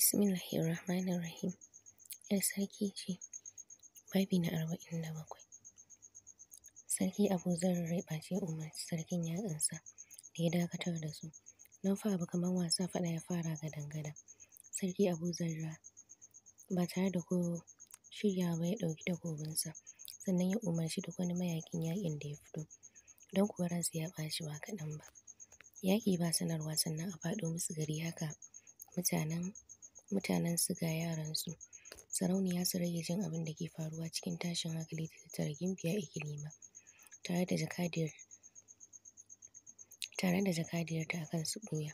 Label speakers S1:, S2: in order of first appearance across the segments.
S1: Bismillahirrahmanirrahim. ‘Yar sarki ce, babi na arba'in da bakwai. Sarki Abu Zarar rai ɓace umarci sarkin yaƙinsa da ya dakatar da su. Nan fa abu kamar wasa faɗa ya fara gadan-gadan. Sarki Abu Zarar ba tare da ko shirya ba ya ɗauki takobinsa sannan ya umarci duk wani mayaƙin yaƙin da ya fito don kuwa ransa ya ɓaci ba kaɗan ba. Yaƙi ba sanarwa sannan a faɗo musu gari haka mutanen mutanen su ga yaran su. Sarauniya su rage jin abin da ke faruwa cikin tashin hankali da tattara gimbiya Ikilima tare da jakadiyar tare da jakadiyarta a kan su buya.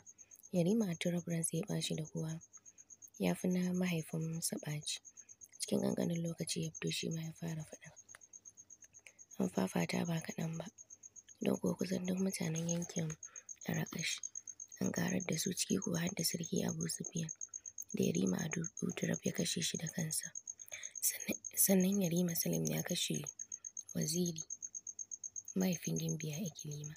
S1: Yarima a turaburan sai ya bashi da kowa ya fi na mahaifin sa baci Cikin ƙanƙanin lokaci ya fito shi ma ya fara faɗa. An fafata ba kaɗan ba, don kuwa kusan duk mutanen yankin Arakash an ƙarar da su ciki kuwa har da sarki Abu Sufiyan. da Yarima Ado Turab ya kashe shi da kansa. Sannan Yarima Salim ya kashe Waziri mahaifin Gimbiya a Ikilima.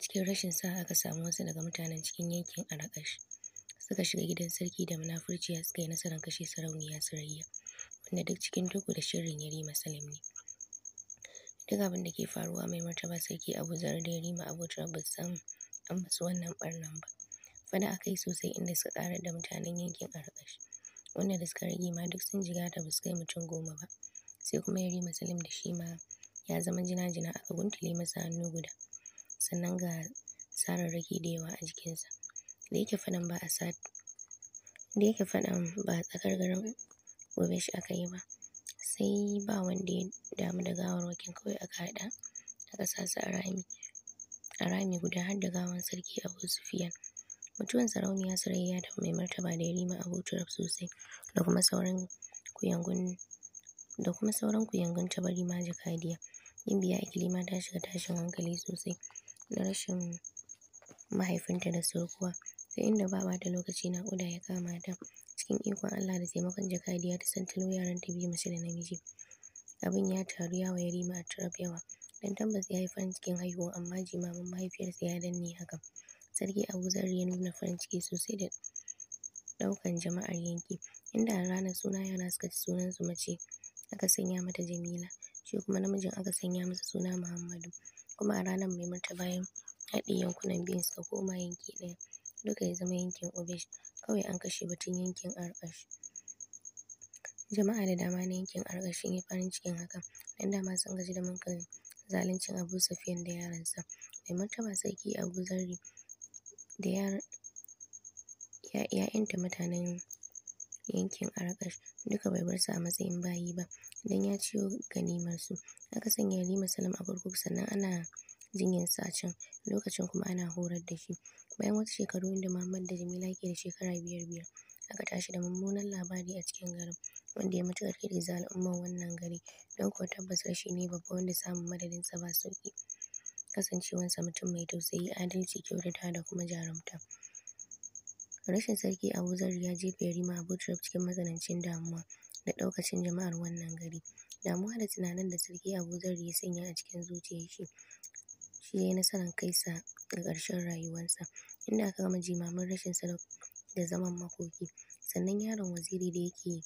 S1: Cikin rashin sa aka samu wasu daga mutanen cikin yankin Arakash suka shiga gidan sarki da munafurciya suka yi nasarar kashe sarauniya sirayya wanda duk cikin duku da shirin Yarima Salim ne. Duk abin da ke faruwa mai martaba sarki Abu Zar da Yarima Abu Turab ba su an basu wannan barnan ba. fada aka yi sosai inda suka ƙarar da mutanen yankin a rakashi. Wanda da suka rage ma duk sun jiga da ba kai mutum goma ba. Sai kuma Yarima Salim da shi ma ya zama jina-jina aka guntule masa hannu guda. Sannan ga sararraki da yawa a jikinsa. Da yake fadan ba a sat faɗan ba a tsakar garin gobe shi aka yi ba. Sai ba wanda ya damu da gawar gawarwakin kawai aka haɗa aka sa a rami. A rami guda har da gawan sarki Abu Sufiyan. Mutuwan sarauniya Sarayya da mai martaba da Yarima Abu Turab sosai da kuma sauran kuyangun da kuma sauran kuyangun ta bari ma jakadiya. biya Ikilima ta shiga tashin hankali sosai na rashin mahaifinta da sokuwa sai inda baba bata lokaci naƙuda ya kama ta cikin ikon Allah da taimakon jakadiya ta san yaran ta biyu mace da namiji. Abin ya taru ya wa Yarima Turab yawa dan tabbas ya yi farin cikin haihuwa amma jimamin mahaifiyarsa ya danne hakan. Sarki Abu Zarri ya nuna farin ciki sosai da ɗaukan jama'ar yanki. Inda a ranar suna yara suka ci sunan su mace aka sanya mata Jamila, shi kuma namijin aka sanya masa suna Muhammadu. Kuma a ranar mai mata ya haɗe yankunan biyun suka koma yanki ɗaya. Duka ya zama yankin Obej. kawai an kashe batun yankin Arkash. Jama'a da dama na yankin Arkash sun yi farin cikin hakan, don dama sun gaji da mankan zaluncin Abu Sufyan da yaransa. Mai martaba Sarki Abu Zarri da ‘ya'yanta mutanen yankin Arakash duka bai bar su a matsayin bayi ba don ya ciyo ganimarsu. Aka sanya halima salam a kurkuku sannan ana jinyar a can, lokacin kuma ana horar da shi. Bayan wata shekaru da Muhammad da Jamila ke da shekara biyar-biyar, aka tashi da mummunan labari a cikin garin wanda ya matuƙar girgiza al'ummar wannan gari don kuwa tabbas rashi ne babba wanda samun sa ba sauƙi. kasancewansa mutum mai tausayi, adalci, kyautata da kuma jarumta. Rashin sarki Abu Zar ya jefa Yarima Abu Turab cikin matsanancin damuwa da ɗaukacin jama'ar wannan gari. Damuwa da tunanin da sarki Abu Zar ya sanya a cikin zuciyar shi shi ya yi nasarar kai sa ga ƙarshen rayuwarsa inda aka gama jimamin rashin sa da zaman makoki. Sannan yaron Waziri da yake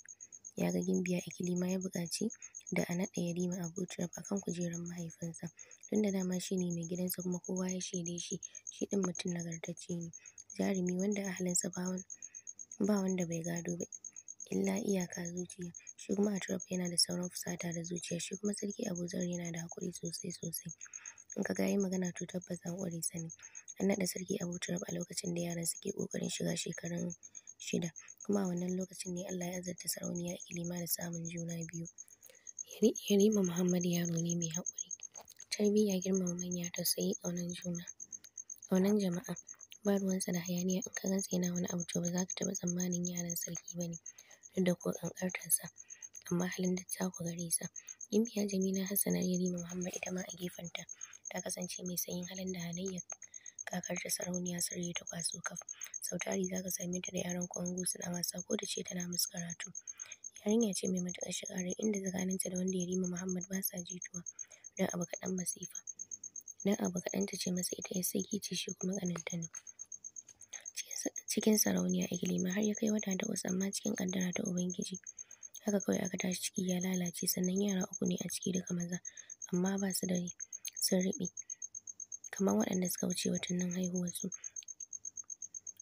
S1: ya ga gimbiya Ikilima ya buƙaci da a naɗa Yarima a ba kan kujerar mahaifinsa, tun da dama shi ne mai gidansa kuma kowa ya shaide shi shi ɗin mutum nagartacce ne, jarumi wanda ahalinsa ba wanda bai gado ba illa iyaka zuciya. Shi kuma a Atrab yana da sauran fusata da zuciya, shi kuma Sarki Abuzair yana da haƙuri sosai sosai. In ka ga ya magana to tabbas an ƙware sa ne. An naɗa Sarki Abutrab a lokacin da yaran suke ƙoƙarin shiga shekarun shida, kuma a wannan lokacin ne Allah ya azurta Sarauniya ilimi da samun juna biyu. Yarima Muhammad yaro ne mai haƙuri, tarbiyya, girmama manya, tausayi, ƙaunar juna, ƙaunar jama'a. Ba ruwansa da hayaniya, in ka gansa yana wani abu to ba za ka taɓa tsammanin yaron sarki ba ne duk da ko ƙanƙantarsa, amma halin ku gare sa. Gimbiya Jamila hassana Yarima Muhammad ita ma a gefenta ta kasance mai sanyin halin da halayyar kakarta Sarauniya Saratu ta kwaso kaf. Sautari tari za ka same ta da yaran Kwango suna wasa ko da ce tana musu karatu. Yarinya ce mai matuƙar shiga inda tsakaninta da wanda ya rima Muhammad ba sa jituwa don abu kaɗan masifa. Don abu kaɗan ta ce masa ita ya saki ce shi kuma ƙaninta ne. Cikin sarauniya a Ikilima har ya kai wata takwas amma cikin ƙaddara ta Ubangiji. Haka kawai aka tashi ciki ya lalace sannan yara uku ne a ciki duka maza amma ba su da sun riɓe. Kamar waɗanda suka wuce watannin haihuwarsu.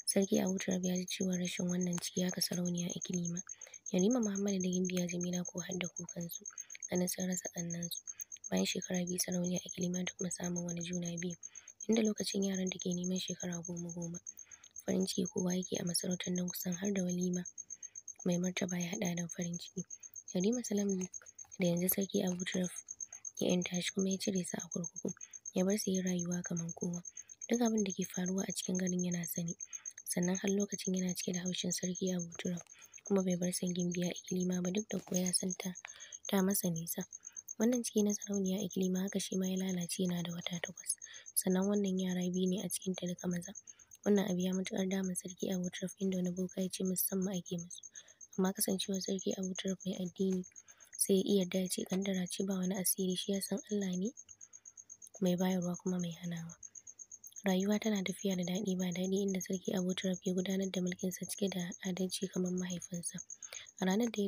S1: Sarki Abu Turab ya ji ciwon rashin wannan ciki haka sarauniya Ikilima. Yarima Muhammadu da Gimbiya Jamila ko har da kukansu ganin sun rasa ƙannensu. Bayan shekara biyu sarauniya Kilima da kuma samun wani juna biyu inda lokacin yaran da ke neman shekara goma goma. Farin ciki kowa yake a masarautar nan kusan har da walima mai martaba ya haɗa da farin ciki. Yarima Salam da yanzu sarki Abu ya ‘yanta shi kuma ya cire su a kurkuku ya bar su yin rayuwa kamar kowa. Duk abin da ke faruwa a cikin garin yana sani sannan har lokacin yana cike da haushin sarki Abu kuma bai bar sangin biya ikilima ba duk da kuwa ya san ta ta masa nisa wannan ciki na sarauniya ikilima haka shi ma ya lalace yana da wata takwas sannan wannan yara biyu ne a cikin ta duka maza wannan abu ya matuƙar damun sarki abu turf inda wani boka ya ce musamman ake musu amma kasancewar sarki abu turf mai addini sai ya iya dace kandara ce ba wani asiri shi ya san Allah ne mai bayarwa kuma mai hanawa Rayuwa tana tafiya da daɗi ba daɗi inda sarki Abuja ke gudanar da mulkinsa cike da adalci kamar mahaifinsa. A ranar da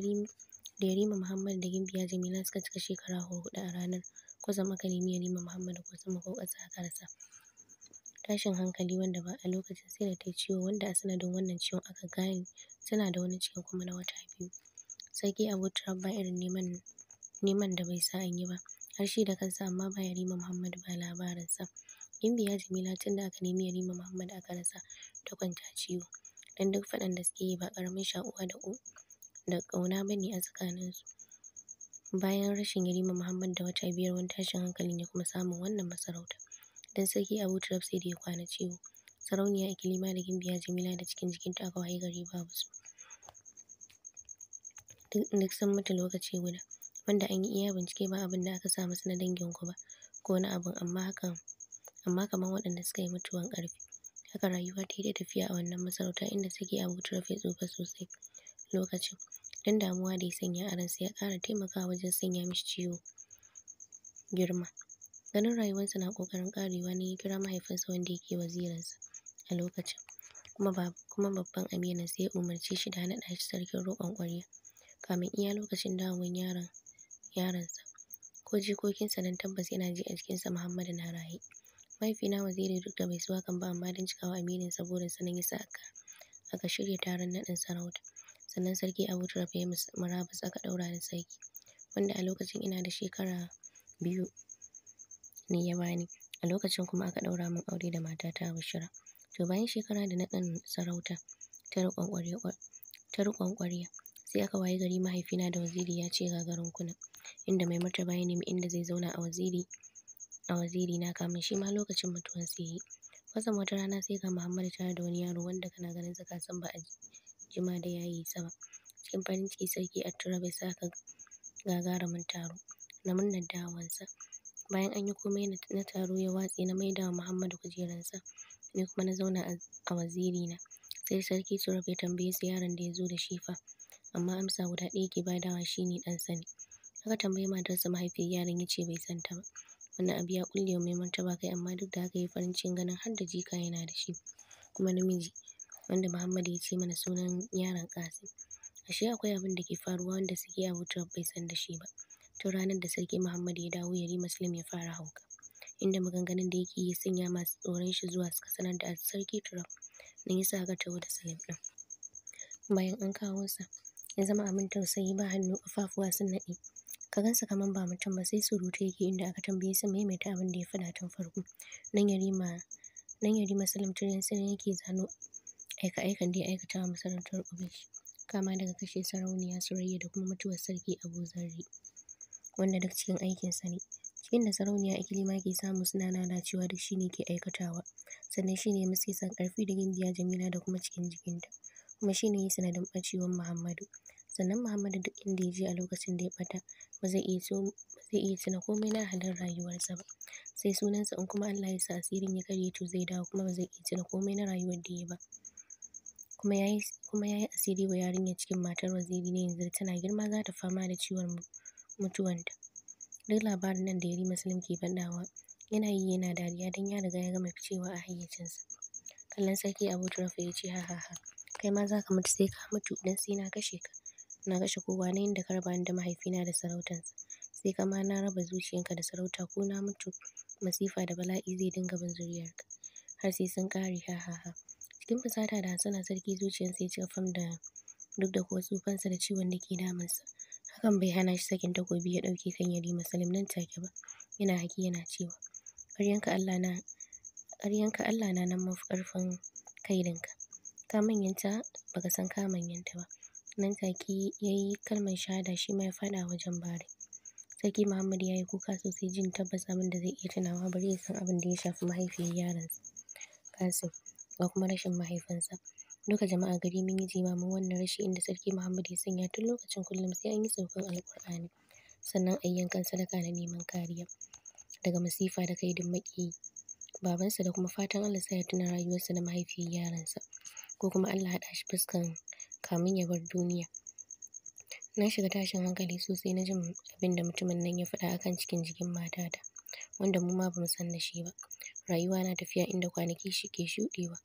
S1: Yarima Muhammad da Gimbiya Jamila suka cika shekara huɗu a ranar, kusan aka nemi Yarima Muhammad ko ƙasa aka rasa. Tashin hankali wanda ba a lokacin sai da ta ciwo wanda a sanadin wannan ciwon aka gane tana da wani cikin kuma na wata biyu. Sarki Abuja ba irin neman da bai sa an yi ba, har shi da kansa amma ba Yarima Muhammad ba labarinsa. Gimbiya Jamila tun da aka nemi Yarima Muhammad aka rasa ta kwanta ciwo. Dan duk faɗan da suke yi ba ƙaramin shaƙuwa da da ƙauna ba ne a tsakaninsu. Bayan rashin Yarima Muhammad da wata biyar wani tashin hankalin ya kuma samun wannan masarauta. Dan sarki Abu Turab sai da ya kwana ciwo. Sarauniya Ikilima da Gimbiya Jamila da cikin jikinta aka waye gari babu su. Duk sun mutu lokaci guda. Wanda an yi iya bincike ba abin da aka samu na danginku ba ko wani abin amma hakan amma kamar waɗanda suka yi mutuwan ƙarfi haka rayuwa ta yi ta tafiya a wannan masarauta inda suke abu rufe tsufa sosai lokacin don damuwa da ya sanya a ransa ya ƙara taimakawa wajen sanya mishi ciwo girma ganin rayuwarsa na ƙoƙarin ƙarewa ne ya kira mahaifinsa wanda yake wazirinsa a lokacin kuma ba kuma babban aminansa ya umarce shi da naɗa shi sarkin roƙon ƙwarya kamin iya lokacin dawowar yaron yaronsa ko jikokinsa don tabbas yana ji a jikinsa Muhammadu na raye mahaifina waziri duk da bai zuwa kan ba amma don cikawa aminin sa sanin yasa aka aka shirya taron naɗin sarauta sannan sarki Abu Turab ya murabus aka ɗaura da sarki wanda a lokacin ina da shekara biyu ne ya bani a lokacin kuma aka ɗaura min aure da matata Bashira to bayan shekara da na naɗin sarauta ta riƙon ƙwarya sai aka waye gari mahaifina da waziri ya ce ga garin kuna inda mai martaba ya nemi inda zai zauna a waziri a waziri na kamin shi ma lokacin mutuwan sa yi kwatsam wata rana sai ga Muhammadu tare da wani yaro wanda kana ganin sa ka san ba a jima da yayi sa ba cikin farin ciki sarki Attura bai sa saka gagarumin taro na murnar dawansa bayan an yi komai na taro ya watse na maida wa Muhammadu sa ni kuma na zauna a waziri na sai sarki tura ya tambaye su yaron da ya zo da shi fa amma amsa guda ɗaya ke shi ne ɗan sani aka tambayi matarsa mahaifiyar yaron ya ce bai santa ba wannan abu ya kulle mai martaba kai amma duk da haka ya farin cikin ganin har da jika yana da shi kuma namiji wanda Muhammad ya ce mana sunan yaron Kasim ashe akwai abin da ke faruwa wanda suke wutar bai san da shi ba tun ranar da sarki Muhammad ya dawo yari Muslim ya fara hauka inda maganganun da yake ya sanya masu tsoron shi zuwa suka sanar da sarki Trump nan yasa aka tawo da Salim ɗin. bayan an kawo sa ya zama abin tausayi ba hannu kafafuwa sun nade ka gansa kaman ba mutum ba sai surutu yake inda aka tambaye su maimaita abin da ya faɗa tun farko nan ya rima nan ya rima salim tirin sirri yake zano aika aikan da ya aikata wa masarautar ubashi kama daga kashe sarauniya surayya da kuma mutuwar sarki abu zarri wanda duk cikin aikin sa ne cikin da sarauniya ikilima ke samu suna cewa duk shine ke aikatawa sannan shine musu kisan karfi da gimbiya jamila da kuma cikin jikinta kuma shine yi sanadin bacewar muhammadu sannan Muhammadu duk inda ya je a lokacin da ya bata ba zai iya tuna komai na halin rayuwarsa ba sai sunansa in kuma Allah ya sa asirin ya karye to zai dawo kuma ba zai iya tuna komai na rayuwar da ya ba kuma yayi kuma asiri wa yarinya cikin matar waziri ne yanzu tana girma za ta fama da ciwon mutuwanta duk labarin nan da yari muslim ke faɗawa yana yi yana dariya don ya riga ya gama ficewa a hayyacinsa kallon sarki abu turafa ya ce ha ha ha kai ma za ka mutu sai ka mutu don sai na kashe ka na kashe kowa na inda ka raba ni da mahaifina da sarautansa sai ka ma na raba zuciyanka da sarauta ko na mutu masifa da bala'i zai dinga bin zuriyarka har sai sun kare ha ha ha cikin fusata da hasana sarki zuciyarsa ya cika fam da duk da kuwa tsufansa da ciwon da ke damunsa hakan bai hana shi sakin takobi ya ɗauke kan yarima salim nan take ba yana haki yana cewa ƙaryanka allah na ƙaryanka allah na nan mafi ƙarfin kairinka ka manyanta baka san ka manyanta ba nan take ya yi kalmar shahada shi ma ya faɗa wajen bari. Sarki Muhammad ya yi kuka sosai jin tabbas abin da zai iya tunawa bari ya san abin da ya shafi mahaifiyar yaransa. Kasim da kuma rashin mahaifinsa. Duka jama'a gari mun yi jimamin wannan rashi inda sarki Muhammad ya sanya tun lokacin kullum sai an yi saukan alƙur'ani sannan a yankan sadaka na neman kariya daga masifa da kai kaidin maƙiyi. Babansa da kuma fatan Allah sa ya tuna rayuwarsa da mahaifiyar yaransa ko kuma Allah haɗa shi fuskan kamin ya bar duniya. Na shiga tashin hankali sosai na jin abin da mutumin nan ya faɗa akan cikin jikin matata wanda mu ma bamu san da shi ba. Rayuwa na tafiya inda kwanaki ke shuɗewa,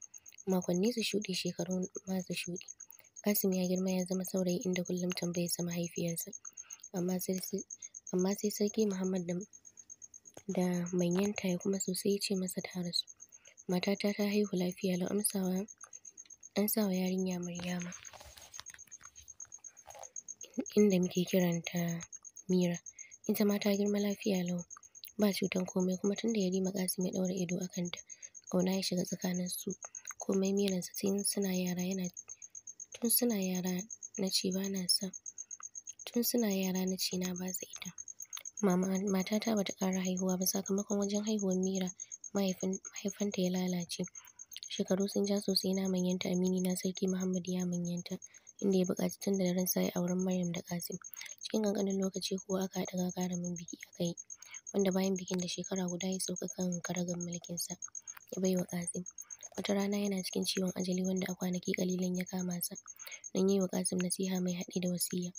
S1: makonni su shuɗe shekaru ma su shuɗe. Kasim ya girma ya zama saurayi inda kullum tambayar sa mahaifiyarsa amma sai amma sai sarki Muhammad da da manyanta ya kuma sosai ya ce masa ta rasu. Matata ta haihu lafiya lau amsawa an sa wa yarinya Maryama. inda muke kiranta Mira. Ita ma ta girma lafiya lau, ba cutan komai kuma tun da Yarima Qasim ya ɗaura ido a kanta, ƙauna ya shiga tsakanin su Komai Miransa tun suna yara yana tun suna yara na ce ba na sa tun suna yara na ce na ba su ita. Mama matata bata ƙara haihuwa ba sakamakon wajen haihuwar Mira mahaifin mahaifanta ya lalace. Shekaru sun ja sosai na manyanta Amini na Sarki Muhammad ya manyanta. inda ya buƙaci tun da daren sa a auren Maryam da Kasim. Cikin ƙanƙanin lokaci kuwa aka haɗa gagarumin biki a kai. wanda bayan bikin da shekara guda ya sauka kan karagar mulkinsa ya baiwa Kasim. Wata rana yana cikin ciwon ajali wanda a kwanaki ƙalilan ya kama sa. Don yi wa Kasim nasiha mai haɗi da wasiya.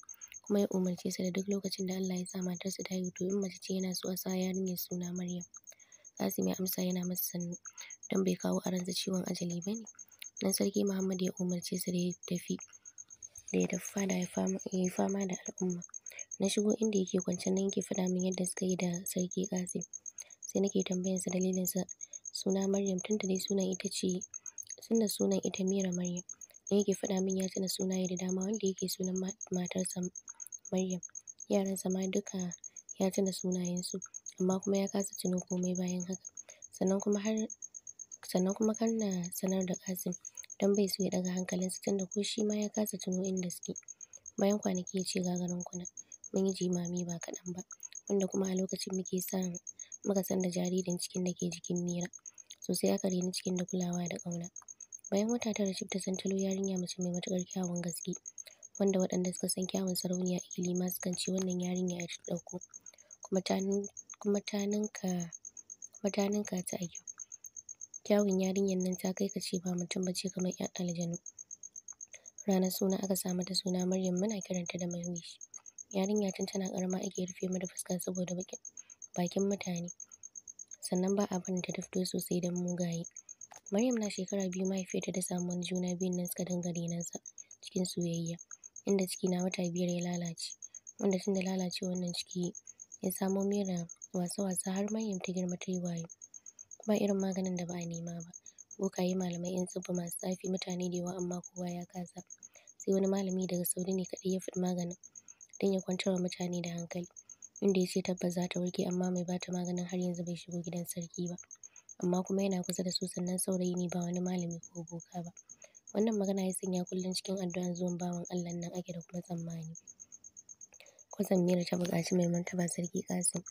S1: Kuma ya umarce sa da duk lokacin da Allah ya sa matarsa ta haihu to in mace ce yana so a sa yarinyar suna Maryam. Kasim ya amsa yana masa sannu don bai kawo a ransa ciwon ajali ba ne. Dan sarki Muhammad ya umarce sa da ya tafi da ya da ya yi fama da al'umma. Na shigo inda yake kwance nan yake faɗa min yadda suka yi da sarki Qasim. Sai nake tambayansa dalilinsa suna Maryam tunda dai sunan ita ce tunda sunan ita Mira Maryam. Da yake faɗa min ya tuna sunaye da dama wanda yake sunan matarsa Maryam. yaran ma duka ya tuna sunayensu amma kuma ya kasa tuno komai bayan haka. Sannan kuma har sannan kuma kar na sanar da kasin. don bai so ya ɗaga hankalinsu tunda ko shi ma ya kasa tuno inda suke. Bayan kwanaki ya ce ga garin kuna mun yi jimami ba kaɗan ba wanda kuma a lokacin muke san muka san da jaririn cikin da ke jikin Mira. Sosai aka reni cikin da kulawa da ƙauna. Bayan wata tara Shifta Santalo yarinya mace mai matuƙar kyawun gaske wanda waɗanda suka san kyawun sarauniya Ikili ma sukan ce wannan yarinya ya ɗauko kuma ta ta kuma ta ninka ta a kyau. kyawun yarinyar nan ta kai ka ce ba mutum ba ce kamar 'yan aljanu ranar suna aka sa mata suna Maryam muna kiranta da Maiwish yarinya tun tana karama ake rufe mata fuska saboda bakin mutane sannan ba abin da ta sosai don mugaye Maryam na shekara biyu mahaifiyarta da samuwar wani juna biyun nan suka dinga nansa cikin soyayya inda ciki na wata biyar ya lalace wanda tun da lalace wannan ciki ya samo mera wasa-wasa har Maryam ta girma ta yi wayo ba irin maganin da ba a nema ba. Bokaye, malamai, 'yan tsibbu masu tsafi, mutane da yawa amma kowa ya kasa. Sai wani malami daga Saudi ne kaɗai ya faɗi maganin Dan ya kwantar wa mutane da hankali. Inda ya ce tabbas za ta warke amma mai ba ta maganin har yanzu bai shigo gidan sarki ba. Amma kuma yana kusa da su sannan saurayi ne ba wani malami ko boka ba. Wannan magana ya sanya kullum cikin addu'an zuwan bawan Allahn nan ake da kuma tsammani. Kwatsam Mira ta buƙaci mai martaba Sarki Qasim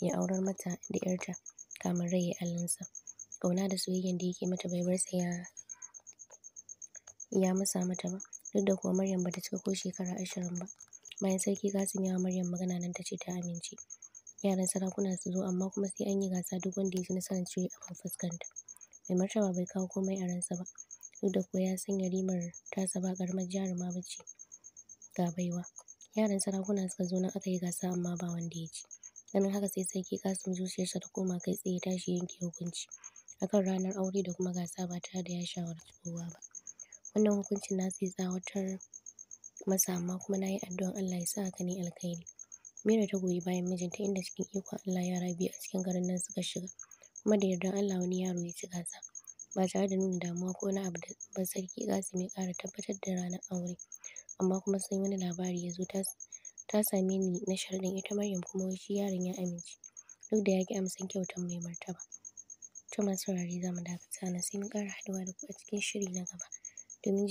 S1: ya aurar mata da 'yarta. kamin rai ya sa Kauna da soyayyen da yake mata bai bar sa ya ya musa mata ba duk da kuwa Maryam bata cika ko shekara ashirin ba bayan sarki Kasim ya Maryam magana nan ce ta amince yaran sarakuna su zo amma kuma sai an yi gasa duk wanda ya ji nasarar cire abin fuskanta mai martaba bai kawo komai a ransa ba duk da kuwa ya san yarimar tasa ba karamar jaruma bace ga baiwa yaran sarakuna suka zo nan aka yi gasa amma ba wanda ya ci Ganin haka sai sarki Kasim zuciyarsa ta koma kai tsaye tashi yanke hukunci akan ranar aure da kuma gasa ba tare da ya shawarci kowa ba. Wannan hukuncin na ya tsawatar masa amma kuma na yi addu'an Allah ya sa haka ne alkhairi. Mira ta goyi bayan mijinta inda cikin ikon Allah yara biyu a cikin garin nan suka shiga kuma da yardan Allah wani yaro ya ci gasa ba tare da nuna damuwa ko wani abu ba sarki Kasim ya ƙara tabbatar da ranar aure amma kuma sai wani labari ya zo ta ta same ni na sharɗin ita Maryam kuma wai shi yaron ya amince duk da ya amsan kyautan mai martaba. To masu saurare za mu dakata nan sai mun ƙara haɗuwa da ku a cikin shiri na gaba domin